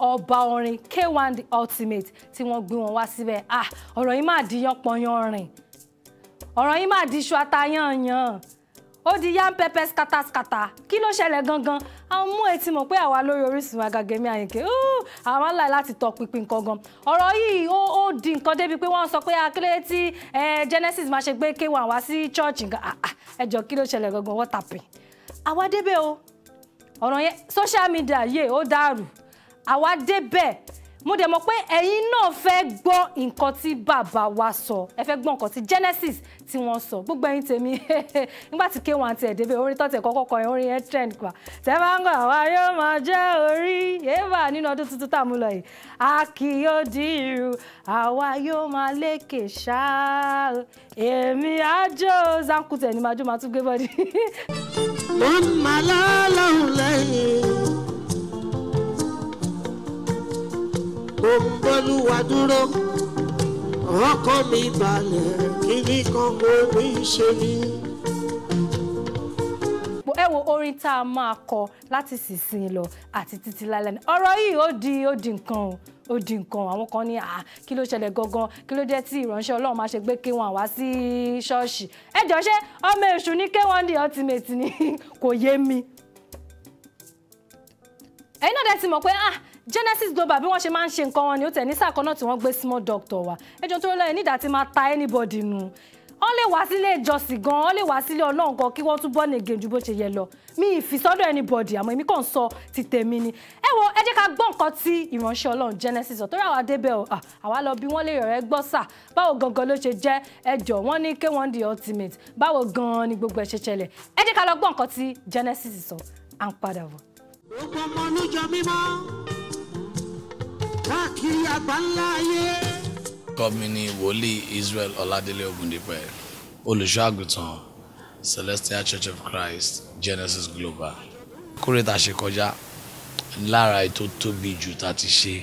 ọba orin K1 the ultimate tí wọ́n gbé wọn wá síbẹ̀ ah ọ̀rọ̀ yìí máa di yánpọnyán rìn ọ̀rọ̀ yìí máa di iṣu atayanyan ó di yán pẹpẹ skataskata kí ló ṣẹlẹ̀ gangan àwọn mú etí mọ̀ pé àwa lórí Orísun agagẹmí àyìnkè àwọn aláì láti tọ pinpin nǹkan gan ọ̀rọ̀ yìí ó ó di nǹkan débi pé wọ́n sọ pé akílẹ̀ tí Genesis máa ṣe gbé K1 wá sí church nǹkan ah, ah, ẹjọ́ kí ló ṣẹlẹ̀ gangan what happen àwa débẹ̀ o ọ̀rọ̀ yẹn social media yé ó dàrú àwa débẹ̀ mo dẹ̀ mọ̀ pé ẹ̀yin náà fẹ́ gbọ́ nǹkan tí bàbá wa sọ ẹ fẹ́ gbọ́ nǹkan tí Genesis tí wọ́n sọ gbogbo ẹ̀yin tèmi nígbà tí k1 àti ẹ̀dẹ́bẹ̀ orin tọ́tẹ̀ kọ́kọ́ kọ orin yẹn trend pa tẹ́ bá ń gbọ́ àwa yóò máa jẹ́ orí yéèbà nínú ọdún tuntun tá a mú lọ yìí a àwa yóò máa lékè ṣá èmi àjò zankutẹ ni màjọ màá tún gbé bọ́dí. wọ́n máa lálọ́ mo gbọ́lúwa dúró ọkàn mi balẹ̀ kíní kan mo ní í ṣe ni. ẹ wo orin tá a máa kọ láti sísìn lọ àti títí lálẹ́ ní ọ̀rọ̀ yìí ó di ó di nǹkan o ó di nǹkan àwọn kan ní à kí ló ṣẹlẹ̀ gangan kí ló jẹ́ tí ìránṣẹ́ ọlọ́run máa ṣe gbé kí wọn àwá sí ṣọ́ọ̀ṣì ẹ jọ ṣé ọmọ èṣù ní K1 The Ultimate ni kò yé mi ẹ̀yin náà dẹ̀ ti mọ̀ pé ah Genesis Global bí wọ́n ṣe máa ń ṣe nǹkan wọn ni ó tẹ̀ ní sáà kan náà tí wọ́n gbé small doctor wa ẹjọ́ tó lọ́yẹ̀ nídàá ti máa ta anybody nù wọ́n lè wá sílé ìjọsìn gan wọ́n lè wá sílé ọlọ́run gan kí wọ́n tún bọ́ nìgè ju bó ṣe yẹ lọ mi ìfisọ́dọ̀ anybody àmọ́ èmi kàn ń sọ ti tèmi ni ẹ wo ẹ jẹ́ ká gbọ́ nǹkan tí ìránṣẹ́ ọlọ́run Genesis ọ̀tọ́rọ̀ àwa débẹ̀ ọ àwa lọ bí wọ́n lè rẹ̀ gbọ́ sà báwo gangan ló ṣe jẹ́ ẹjọ́ wọ́n ní ké wọ́n the ultimate báwo gan ni gbogbo ẹ̀ ṣe ṣẹlẹ̀ ẹ jẹ́ ká lọ gbọ́ nǹkan tí Genesis sọ à ń padà bọ̀. ó pọn káàkiri àgbáńlá ayé. kọ́mi ni wòlíì Israel Ọládélé Ògúndípẹ̀ olùṣọ́àgùtàn Celestial Church of Christ Genesis Global kórè tá a ṣe kọjá lára ètò tóbi jù tá a ti ṣe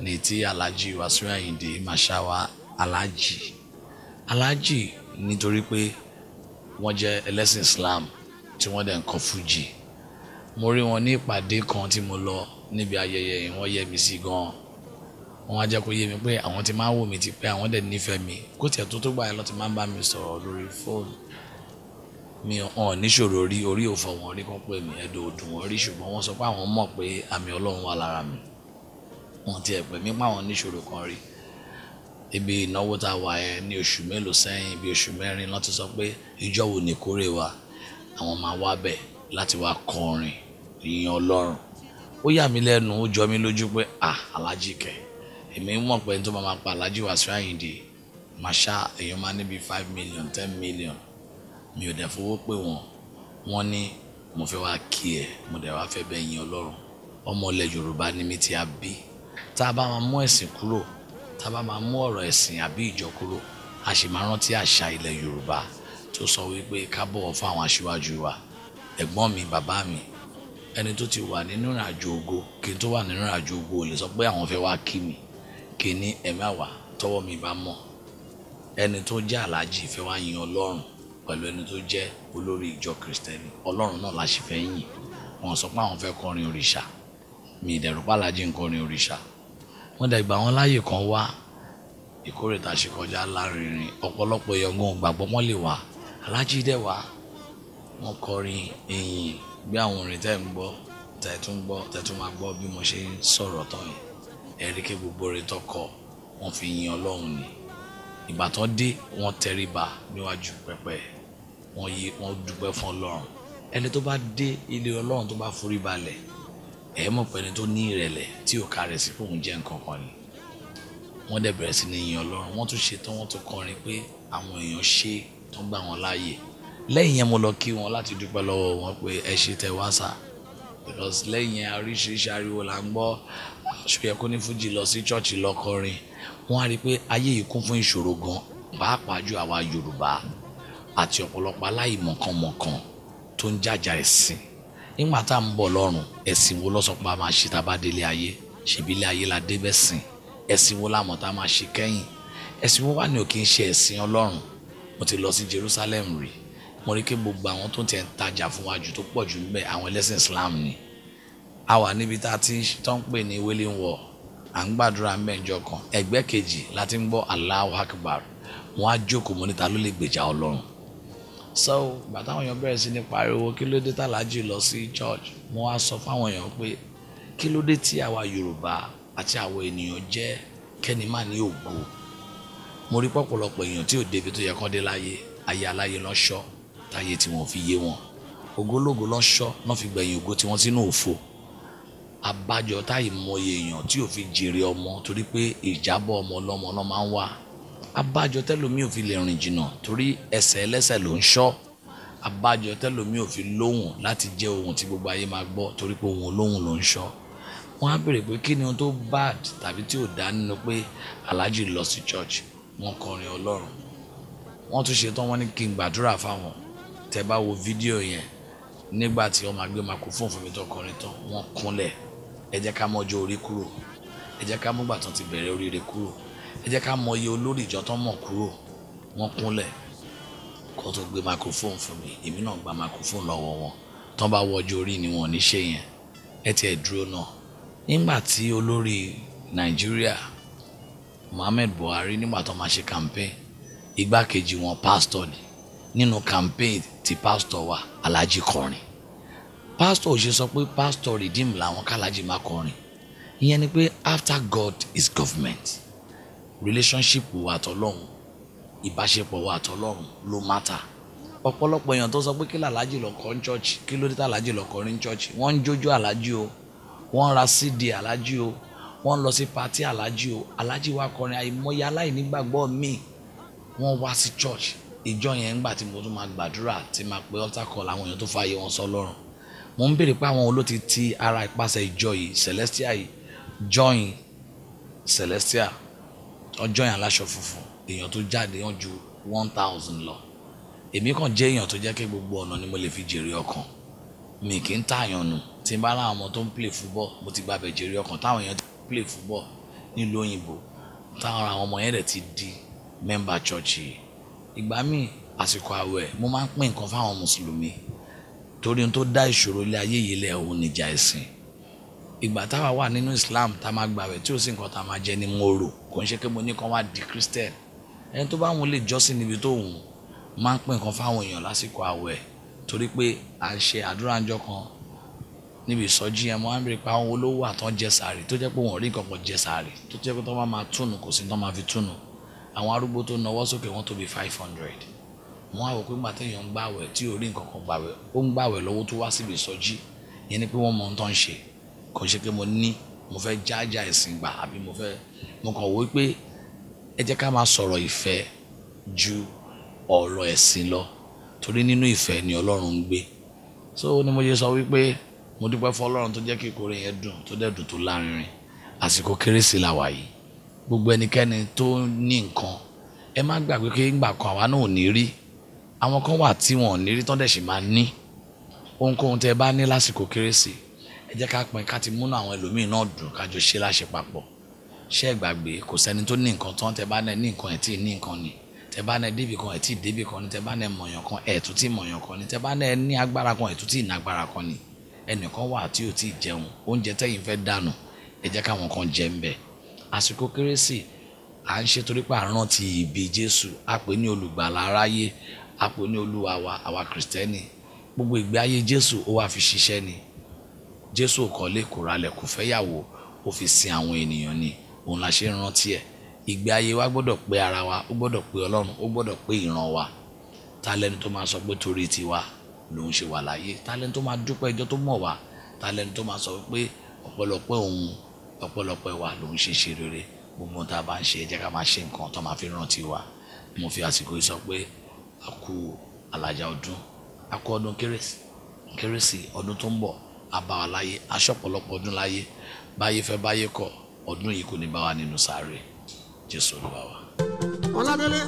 ní ti Alhaji Wasiu Ayinde Mashowa Alhaji Alhaji nítorí pé wọ́n jẹ́ ẹlẹ́sìn Islam tí wọ́n dẹ̀ ń kọ fújì mo rí wọn ní ìpàdé kan tí mo lọ níbi ayẹyẹ yìí wọ́n yẹ́ mi sí gan-an wọ́n á jẹ́ kó yé mi pé àwọn ti máa ń wò mí ti pé àwọn dẹ̀ nífẹ̀ẹ́ mi kó tiẹ̀ tó tó gbà yẹn lọ́ ti máa ń bá mi sọ̀rọ̀ lórí fóònù mi hàn níṣòro rí orí òfò wọn rí kán pé mi ẹ̀dùn òdùn wọn rí ṣùgbọ́n wọ́n sọ pé àwọn mọ̀ pé àmì Ọlọ́run wà lára mi wọ́n tiẹ̀ pè mí pàwọn níṣòro kan rí ibi ìnáwó tá a wà yẹn ní oṣù mélòó sẹ́yìn bí oṣù mẹ́rin lọ́n ti sọ pé ìjọ wo nìkórè wa àwọn máa wá bẹ̀ láti wá kọrin ìyìn Ọlọ́run ó yà mí lẹ́nu ó jọ mí lójú pé ah alájí èmi mọ̀ pé tó máa pa Alhaji Wasiu Ayinde màṣá èèyàn máa níbi five million ten million mi ò dẹ̀ fowó pé wọ́n wọ́n ní mo fẹ́ wá kí ẹ mo dẹ̀ wá fẹ́ bẹ̀ yín ọlọ́run ọmọ ilẹ̀ Yorùbá ni mi ti a bí tá a bá máa mú ẹ̀sìn kúrò tá a bá máa mú ọ̀rọ̀ ẹ̀sìn àbí ìjọ kúrò a sì máa rántí àṣà ilẹ̀ Yorùbá tó sọ wípé ká bọ̀wọ̀ fún àwọn aṣíwájú wa ẹ̀gbọ́n mi bàbá mi ẹni tó ti wà nínú ìrìnàjò ògo kí n tó wà nínú ìrìnàjò ògo ò lè sọ pé àwọn fẹ́ wá kí mi kíní ẹ má wà tọ́wọ́ mi bá mọ̀ ẹni tó jẹ́ aláàjì fẹ́ wá yin ọlọ́run pẹ̀lú ẹni tó jẹ́ olórí ìjọ kìrìsìtẹ́nì ọlọ́run náà la sì fẹ́ yìn wọn sọ pé àwọn fẹ́ kọrin òrìṣà mi ìdẹ̀rù pàlàjì ń kọrin òrìṣà wọn dẹ̀ gbà wọn láàyè kan wá ìkórè tá a ṣe kọjá lárinrin ọ̀pọ̀lọpọ̀ ìyọ̀ngàn gbàgbọ́ wọn lè wá aláàjì dẹ̀ wá wọn kọrin ìyìn bí àwọn orin tẹ́ ń gbọ́ tẹ́ tún gbọ́ tẹ́ tún máa gbọ́ bí mo ṣe ń sọ̀rọ̀ tán yìí ẹ̀ríkè gbogbo rẹ̀ tọkọ wọ́n fi yin ọlọ́run ni ìgbà tán dé wọ́n tẹríba níwájú pẹpẹ wọ́n yí wọ́n dúpẹ́ fún ọlọ́run ẹni tó bá dé ilé ọlọ́run tó bá forí balẹ̀ ẹ̀ mọ̀ pé ẹni tó ní ìrẹ̀lẹ̀ tí ò kárẹ̀ sí fóun jẹ́ nǹkan kan ni wọ́n dẹ̀ bẹ̀rẹ̀ sí ní yin ọlọ́run wọ́n tún ṣe tán wọ́n tún kọrin pé àwọn èèyàn ṣe tó gbà wọ́n láàyè lẹ́yìn yẹn mo lọ kí wọn láti dúpẹ́ lọ́wọ́ wọn pé ẹ ṣe tẹ wá sà because lẹ́yìn yẹn oríṣiríṣi ariwo là ń gbọ́ ṣòyẹ kó ní fújì lọ sí ṣọ́ọ̀ṣì lọ kọrin wọ́n á rí i pé ayé yìí kún fún ìṣòro gan pàápàá ju àwa yorùbá àti ọ̀pọ̀lọpọ̀ aláìmọ̀kànmọ̀kàn tó ń jàjà ẹ̀sìn nígbà tá à ń bọ̀ lọ́rùn ẹ̀sìn wo lọ́sọ̀ pa máa ṣe tá délé ayé ṣèbí ilé ayé la débẹ̀ sìn ẹ̀sìn wo lámọ̀ tá a máa ṣe kẹ́yìn ẹ̀sìn wo wà ní òkè ń ṣe ẹ̀sìn ọlọ́run mo ti lọ sí Jerusalem rí mo rí i pé gbogbo àwọn tó ti ń tajà fún wájú tó pọ̀ jù ń bẹ àwọn ẹlẹ́sìn Islam ni a wà níbi tá a ti tán pè ní wailing wall à ń gbàdúrà mẹ́jọ kan ẹgbẹ́ kejì láti ń gbọ́ Allahu Akbar wọ́n á jókòó mọ́ ló lè gbèjà Ọlọ́run so bàtà àwọn èèyàn bẹ̀rẹ̀ sí ní pariwo kí ló dé tàlájì lọ sí church wọ́n á sọ fáwọn èèyàn pé kí ló dé tí àwa Yorùbá àti àwọn ènìyàn jẹ́ kẹ́ni má ní ògo mo rí pọ̀pọ̀lọpọ̀ èèyàn tí ò débi tó yẹ kán dé láyé ayé aláyé lọ́ṣọ́ táyé tí wọ́n fi yé wọn ògólógó lọ́ṣọ́ náà fi gbẹ̀yìn ògo tí wọ́n sínú òfo abájọ táyì mọye èèyàn tí ò fi jèrè ọmọ torí pé ìjábọ̀ ọmọ ọlọ́mọ náà máa ń wà abájọ tẹlomi ò fi lè rìn jìnnà torí ẹsẹ̀ ẹlẹ́sẹ̀ ló ń ṣọ́ abájọ tẹlomi ò fi lóhùn láti jẹ́ ohun tí gbogbo ayé máa gbọ́ torí pé ohun olóhùn ló ń ṣọ́ wọ́n á béèrè pé kí ni ohun tó bad tàbí tí ò dá nínú pé aláàjì lọ sí church wọ́n kọrin ọlọ́run wọ́n tún ṣe tán wọ́n ní kí n gbàdúrà fáwọn tẹ́ bá wo fídíò yẹn nígbà tí wọ́n máa gbé microphone fún mi tó kọrin tán wọ́n kúnlẹ̀ ẹ jẹ́ ká mọjọ́ orí kúrò ẹ jẹ́ ká múgbà tán ti bẹ̀rẹ̀ oríire kúrò ẹ jẹ́ ká mọyì olórí ìjọ tán mọ̀ kúrò wọ́n kúnlẹ̀ kó tó gbé microphone fún mi èmi náà gba microphone lọ́wọ́ wọn tán bá wọjọ́ orí ni wọn ò ní ṣe yẹn ẹ tiẹ̀ dúró náà nígbà tí olórí Nàìjíríà Muhammed Buhari nígbà tó máa ṣe campaign igbákejì wọn pastor ni nínú campaign ti pastor wa Alhaji kọrin Pastor, ò ṣe sọ pé pásítọ̀ redeem làwọn kálájì máa kọrin ìyẹn ni pé after God is government relationship wa àtọlọ́run ìbáṣepọ̀ wa àtọlọ́run ló mata. ọ̀pọ̀lọpọ̀ èèyàn tó sọ pé kí làlájì lọ kọrin church kí ló dé tàlájì lọ kọrin church wọ́n ń jójó àlájì o wọ́n ń ra cd àlájì o wọ́n ń lọ sí pati àlájì o àlájì wa kọrin àìmọye aláìnígbàgbọ́ mi wọ́n wá sí church ìjọ yẹn ńgbà tí mo tún máa gbàdúrà tí máa pe altar call àwọn èèyàn tó fààyè wọn sọ lọ́rùn mo ń béèrè pé àwọn olóòtú ti ara ìpasẹ̀ ìjọ yìí celestial yìí join celestial ọjọ́ yẹn aláṣọ funfun èèyàn tó jáde wọn ju one thousand lọ èmi kàn jẹ́ èèyàn tó jẹ́ kí gbogbo ọ̀nà ni mo lè fi jèrè ọkàn mi kì í tààyàn nù tí n bá láwọn ọmọ tó ń play football mo ti gbàbẹ̀ jèrè ọkàn táwọn èèyàn ti play football nílùú òyìnbó táwọn àwọn ọmọ yẹn dẹ̀ ti di member church yìí ìgbà míì àsìkò àwẹ̀ mo máa ń pín nǹkan fáwọn mùsùlùmí torí tó dá ìṣòro ilé ayé yìí lẹ̀ òun níjà ẹ̀sìn ìgbà táwa wà nínú Islam tá máa gbàwẹ̀ tí ó sì nǹkan tá máa jẹ ni mo rò kò ń ṣe pé mo ní kàn wá di Christian ẹni tó bá wọn lè jọ́sìn níbi tó wù máa ń pín nǹkan fáwọn èèyàn lásìkò àwẹ̀ torí pé à ń ṣe àdúrà ńjọ́ kan níbi ìsọjí yẹn mo máa ń bèrè pé àwọn olówó àtọ́ jẹ sàárì tó jẹ́ pé wọn rí nǹkan jẹ sàárì tó jẹ́ pé tó máa túnú kò sí tó máa fi túnú àwọn arúgbó tó nawọ́ sókè wọn tó five hundred mo wá wò pé nígbà téèyàn ń gbàwẹ̀ tí ò rí nǹkan kan gbàwẹ̀ ó ń gbàwẹ̀ lọ́wọ́ tó wá síbi ìsọjí yẹn ni pé wọ́n mọ ohun tó ń ṣe kò ṣe pé mo ní mo fẹ́ jájà ẹ̀sìn gbà àbí mo fẹ́ mo kàn wò pé ẹ jẹ́ ká máa sọ̀rọ̀ ìfẹ́ ju ọ̀rọ̀ ẹ̀sìn lọ torí nínú ìfẹ́ ni Ọlọ́run ń gbé so ni mo ṣe sọ wípé mo dúpẹ́ fún Ọlọ́run tó jẹ́ kí ìkórè yẹn dùn tó dẹ̀ dùn tó lárinrin àsìkò kérésì la wà yìí gbogbo ẹnikẹ́ni tó ní nǹkan ẹ má gbàgbé pé ńgbà kan àwa náà ò ní rí àwọn kan wà tí wọn ò ní rí tán dẹ̀ sì máa ní ohunkóhun tẹ́ ẹ bá ní lásìkò kérésì ẹ jẹ́ ká pin ká ti múnú àwọn ẹlòmíín náà dùn ká jọ ṣe láṣẹ papọ̀ ṣé ẹ kò sẹ́ni tó ní nǹkan tán tẹ́ bá ní nǹkan ẹ̀ tí ní nǹkan ni tẹ́ bá ní débì kan ẹ̀ tí ì kan ni tẹ́ bá ní mọ̀yàn kan ẹ̀ tún tí mọ̀yàn kan ni tẹ́ bá ní ní agbára kan ẹ̀ tún tí ì kan ni ẹnìkan wà tí ò tí ì jẹun oúnjẹ tẹ́yìn fẹ́ dànù ẹ jẹ́ káwọn kan jẹ ń bẹ̀ àsìkò kérésì à ń ṣe torí rántí ìbí Jésù a ní olùgbàlà aráyé àpò ní olúwa wa àwa kìrìtẹ́nì gbogbo ìgbé ayé jésù ó wá fi ṣiṣẹ́ ni jésù ò kọ́lé kò ralẹ̀ kò fẹ́yàwó ó fi sin àwọn ènìyàn ni òun la ṣe ń rántí ẹ̀ ìgbé ayé wa gbọ́dọ̀ pé ara wa ó gbọ́dọ̀ pé ọlọ́run ó gbọ́dọ̀ pé ìran wa ta lẹni tó máa sọ pé torí tiwa lòun ṣe wà láyé ta tó máa dúpẹ́ ẹjọ́ tó mọ̀ wá ta tó máa sọ pé ọ̀pọ̀lọpọ̀ òun ọ̀pọ̀lọpọ̀ wa lòun ṣe ṣe rere gbogbo tá a bá ń ṣe ẹ ká máa ṣe nǹkan tó máa fi rántí wa mo fi àsìkò yìí sọ pé Aku kú alájà ọdún a kú ọdún kérésì kérésì ọdún tó ń bọ̀ a bá wa láyé aṣọ ọ̀pọ̀lọpọ̀ ọdún láyé báyé fẹ́ báyé kọ̀ ọdún yìí kò ní bá wa nínú sáré jésù olúwa wa. ọládélé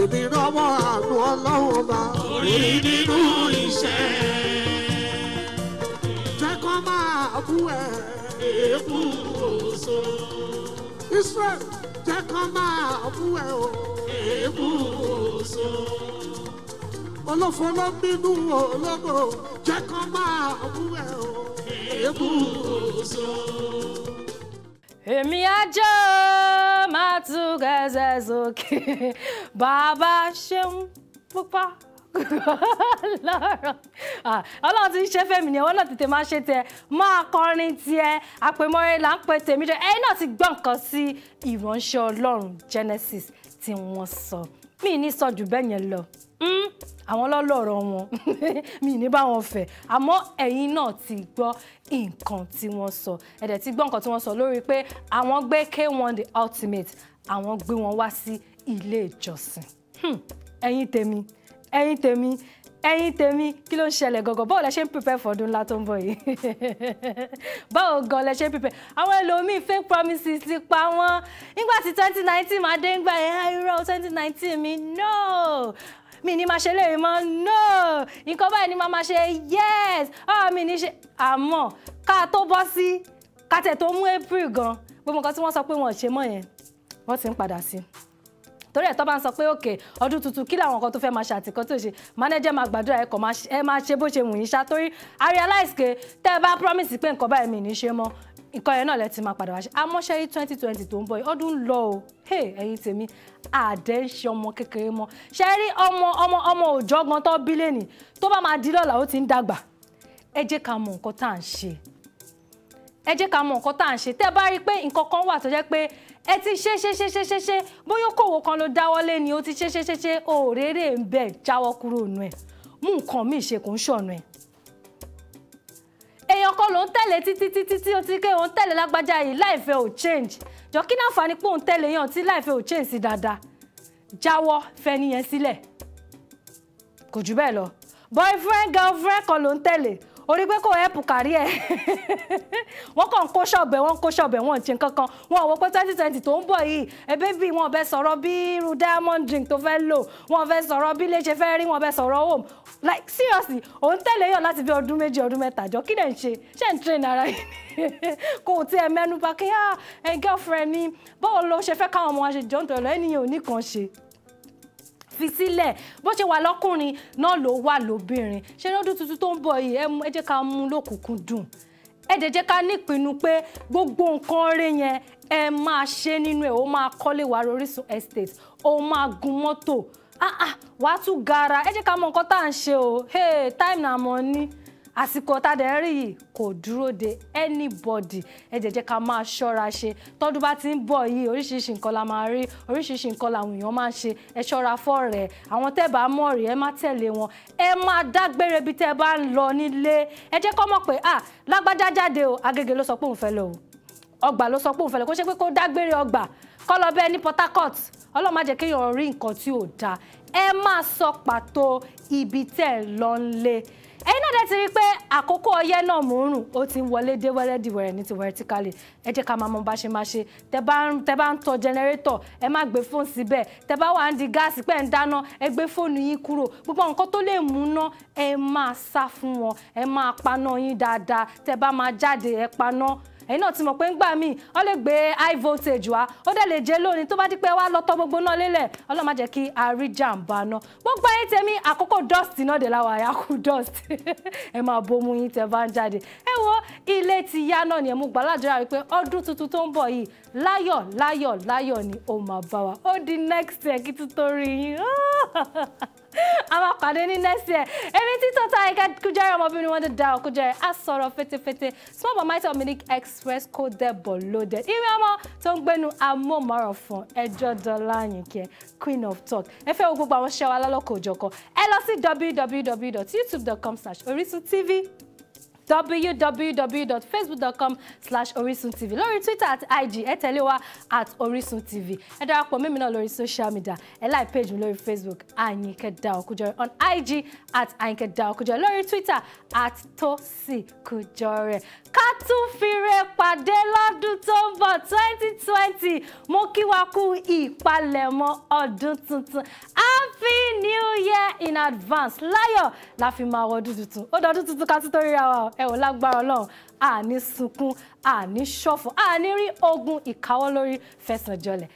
èmi rọwọ́ àánú ọlọ́run bá. orí nínú iṣẹ́. jẹ́ kó máa bú ẹ̀. èébú òṣò. Israel jẹ́ kán máa bú ẹ o. èébú oṣó. olófo bínú ológo jẹ́ kán máa bú ẹ o. èébú oṣó. èmi àjọ máa tún gẹ̀ẹ́sẹ̀ sókè bàbá ṣeun pupa ọlọ́run ti ń ṣe fẹ́mi ni ọwọ́ náà tètè máa ṣe tiẹ̀ máa kọrin tiẹ̀ àpèmọ́rẹ́ là ń pè tèmi jẹ́ ẹ̀yin náà ti gbọ́ nǹkan sí ìránṣẹ́ ọlọ́run Genesis tí wọ́n sọ mí ní sọ jù bẹ́ẹ̀ yẹn lọ mm, àwọn lọ́lọ́rọ̀ wọn mi ní bá wọn fẹ̀ àmọ́ ẹ̀yin náà ti gbọ́ nǹkan tí wọ́n sọ ẹ̀dẹ̀ ti gbọ́ nǹkan tí wọ́n sọ lórí pé àwọn gbé K1 the ultimate àwọn gbé wọn wá sí ilé ìjọsìn hmm, ẹ̀yin tèmi ẹ̀yin tèmi ẹ̀yin tèmi kí ló ń ṣẹlẹ̀ gọ̀gọ̀ báwo lẹ ṣe ń prepare for ọdún ńlá tó ń bọ̀ yìí báwo gan lẹ ṣe ń prepare àwọn ẹlòmíín fake promises ti pa wọ́n nígbà tí twenty nineteen máa dé ńgbà yẹn ah, irọ́ twenty nineteen mi no mi ni máa ṣe léyìí mọ́ no nǹkan báyìí ni máa máa ṣe yes ọ̀ mi ni ṣe àmọ́ ká tó bọ́ sí ká tẹ̀ tó mú april gan gbogbo nǹkan tí wọ́n sọ pé wọn ò ṣe mọ́ yẹn wọ́n ti ń padà sí i torí ẹ̀ tó bá ń sọ pé òkè ọdún tuntun kí làwọn kan tó fẹ́ máa ṣe àtìkọ́ tó ṣe manager máa gbàdúrà ẹ kọ̀ ẹ máa ṣe bó ṣe wù yín ṣá torí i realize pé tẹ́ ẹ bá promise pé nǹkan báyìí mi ní ṣe mọ́ nǹkan yẹn náà lẹ ti máa padà wá ṣe amọ́ṣẹ́ yìí twenty twenty tó ń bọ̀ ọdún lọ o ẹ̀yin tèmi àdẹ́ ń ṣe ọmọ kékeré mọ́ ṣe rí ọmọ ọmọ ọmọ òòjọ́ gan tó bí lẹ́nì tó bá máa di lọ́la ó ti ń dàgbà ẹ jẹ́ ká mọ nǹkan tá à ń ṣe ẹ jẹ́ ká mọ nǹkan tá à ń ṣe tẹ́ bá rí i pé nǹkan kan wà tó jẹ́ pé ẹ ti ṣe ṣe ṣe ṣe ṣe ṣe bóyá okòwò kan ló dáwọ́lé ni ó ti ṣe ṣe ṣe ṣe òréré ń bẹ̀ jáwọ́ kúrò nù ẹ̀ mú nǹkan míì ṣe kò ń ṣọ̀nù ẹ̀ èèyàn kan ló ń tẹ̀lé títí títí tí ó ti ké òun tẹ̀lé lágbájá yìí láìfẹ́ ò change jọ kí náà fani pé òun tẹ̀lé yàn tí láìfẹ́ ò change sí dáadáa jáwọ́ fẹ́ni yẹn sílẹ̀ kò jù bẹ́ẹ̀ lọ boyfriend girlfriend kan ló ń tẹ̀lé orí pé kò help kárí ẹ̀ wọ́n kàn ń kó ṣọ̀bẹ̀ wọ́n ń kó ṣọ̀bẹ̀ wọ́n ń ṣe kankan wọn wo pé twenty twenty tó ń bọ̀ yìí ẹbí bí wọn fẹ́ sọ̀rọ̀ bí irú diamond drink tó fẹ́ lò wọn fẹ́ sọ̀rọ̀ bí ilé fẹ́ rí wọn fẹ́ sọ̀rọ̀ home like seriously òun tẹ̀lé yàn láti bí ọdún méjì ọdún mẹ́ta jọ kí lẹ̀ ń ṣe ṣe ń train ara yìí kò tiẹ̀ mẹ́nu bá kí ah, ẹ girlfriend ni báwo ló ṣe fẹ́ káwọn ọmọ wa ṣe jọ́ ń tọ̀lọ́ ẹnìyàn ò ní kan ṣe fi sílẹ̀ bó ṣe wà lọ́kùnrin náà ló wà lóbìnrin ṣé lọ́dún tuntun tó ń bọ̀ yìí ẹ jẹ́ ká mú lókùnkùn dùn ẹ dẹ̀ jẹ́ ká nípinnu pé gbogbo nǹkan rẹ̀ yẹn ẹ máa ṣe nínú ẹ̀ ó máa kọ́lé wa Orísun estate ó máa gun mọ́tò ah ah wàá tún gara ẹ jẹ́ ká mọ nǹkan tá à ń ṣe o hey time na money àsìkò tá a dẹ̀ rí yìí kò dúró de anybody ẹ jẹ́ jẹ́ ká máa ṣọ́ra ṣe tọ́dún bá ti ń bọ̀ yìí oríṣiríṣi nǹkan la máa rí oríṣiríṣi nǹkan làwọn èèyàn máa ń ṣe ẹ ṣọ́ra fọ́ọ̀rẹ́ àwọn tẹ́ bá mọ̀ rí ẹ má tẹ̀lé wọn ẹ máa dágbére bí tẹ́ bá ń lọ nílé ẹ jẹ́ kọ́ mọ̀ pé ah lágbájá jáde o Agége ló sọ pé òun fẹ́ lọ o ọgbà ló sọ pé òun fẹ́ lọ kó ṣe pé kó dágbére ọgbà kọ́ lọ bẹ́ẹ̀ ní Port Harcourt Ọlọ́run má jẹ́ kéèyàn rí nǹkan tí ò ẹ máa sọ pàtó ibi tẹ́ ẹ lọ ẹ̀yin náà dẹ̀ ti rí i pé àkókò ọyẹ́ náà mò ń rùn ó ti ń wọlé dé wẹ́rẹ́ di wẹ̀rẹ̀ ní ti vertically ẹ jẹ́ ká máa mọ bá ṣe máa ṣe tẹ bá ń tọ jẹnẹrétọ̀ ẹ má gbé fóònù síbẹ̀ tẹ bá wà ń di gáàsì pẹ́ ń dáná ẹ gbé fóònù yín kúrò gbogbo nǹkan tó lè mú ná ẹ máa sá fún wọn ẹ máa paná yín dáadáa tẹ bá máa jáde ẹ paná ẹ̀yin náà ti mọ̀ pé ń gbà míì wọ́n lè gbé high voltage wá ó dẹ̀ lè jẹ́ lónìí tó bá di pé wá lọ́tọ́ gbogbo náà lélẹ̀ ọlọ́run má jẹ́ kí a jàǹbá náà gbogbo ayé tèmi àkókò dust náà dé láwa àyà kú dust ẹ máa bomú yín tẹ bá ń jáde ẹ wo ilé ti yá náà ni ẹ mú gbàládùra wípé ọdún tuntun tó ń bọ̀ yìí láyọ̀ láyọ̀ láyọ̀ ni ó máa bá wa ó di next year kí tuntun rí yín máa pàdé ní next year èmi tí tọ́ta ẹ̀ka kújẹ́rẹ́ ọmọbìnrin wọn ti da ọkújẹ́rẹ́ asoro fete fete. small but mighty Miliki Express code dẹ̀bọ̀ loaded ìwé ọmọ tó ń gbénu amóhùnmáwòrán fún ẹjọ́ dọ́là Àyìnkẹ́ queen of talk ẹ fẹ́ wo gbogbo àwọn ṣẹ́wà lálọ́kọ̀ọ́jọ̀kan ẹ lọ sí wwwyoutubecom tv www.facebook.com slash Orisun lórí Twitter àti IG ẹ tẹ̀lé wa at Orisun TV ẹ darapọ̀ mẹ́mi náà lórí social media ẹ láì page mi lórí Facebook Àyìnkẹ́ Dayo on IG at Àyìnkẹ́ Dayo Kujore lórí Twitter at Tosi Kujore ká tún fire pàdé lọ́dún tó ń bọ̀ twenty twenty mo kí wa kú ìpalẹ̀mọ́ ọdún tuntun happy new year in advance láyọ̀ la fi máa wọ ọdún tuntun ó dọ̀dún tuntun ká tún tó ríra wa o ẹ ò lágbára ọlọ́run àní sunkún àní ṣọ̀fọ̀ àní rí ogun ìkáwọ́ lórí fẹsẹ̀